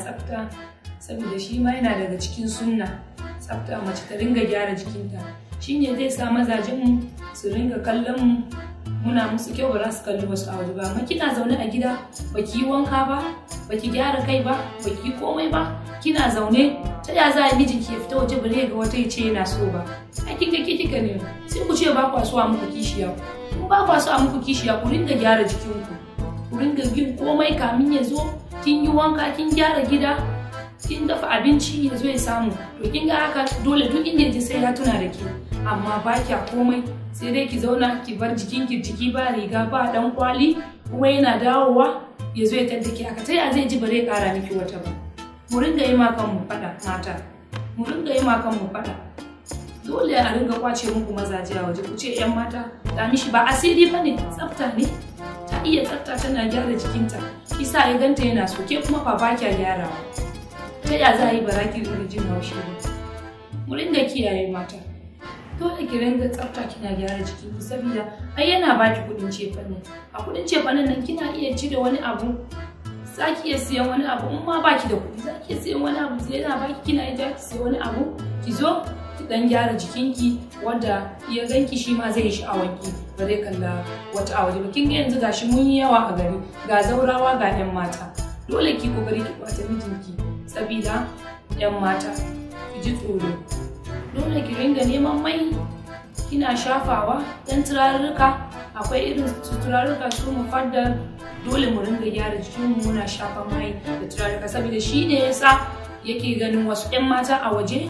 tsafta saboda shi ma yana daga cikin sunna tsafta mace ta ringa gyara jikinta ne zai sa mazajenmu su ringa kallon mu muna musu kyau ba za su kalli wasu a waje ba amma kina zaune a gida ki yi wanka ba Ba ki gyara kai ba Ba yi komai ba kina zaune ta ya za a miji ki fita waje bare ga wata ya ce yana so ba a kika kika ne sai ku ce ba kwa so a muku kishiya Ku ba kwa so a muku kishiya ku ringa gyara jikinku ringa yin komai kamin ya zo kin yi wanka kin gyara gida kin dafa abinci ya zo ya samu to kin ga haka dole duk inda ji sai ya tuna da ke amma ba kya komai sai dai ki zauna ki bar ki jiki ba riga ba dan kwali kuma yana dawowa ya zo ya tattake haka ta ya zai ji ba zai kara miki wata ba mu ringa yi makan mu fada mata mu ringa yi makan mu fada dole a ringa kwace muku mazaje a waje ku ce yan mata da mishi ba asiri bane tsafta ne iya tsafta tana gyara jikinta isa ya ganta yana so ke kuma fa baki gyarawa ta ya za a yi baraki da jin haushi ba mu ringa kiyaye mata dole ki ringa tsafta kina gyara jikinki saboda ai yana baki kudin cefanin a kudin cefanin nan kina iya cire wani abu za ki iya siyan wani abu in ma baki da kudi za ki iya siyan wani abu sai yana baki kina iya ki siyan wani abu ki zo dan gyara jikinki wanda ya ganki shi ma zai yi sha'awanki ba zai kalla wata a waje ba kin ga yanzu gashi mun yi yawa a gari ga zaurawa ga yan mata dole ki kokari ki kwata mijinki sabida yan mata ki ji tsoro dole ki ringa neman mai kina shafawa dan turaruka akwai irin turaruka su mufaddar dole mu ringa gyara jikinmu muna shafa mai da turaruka saboda shi ne yasa yake ganin wasu 'yan mata a waje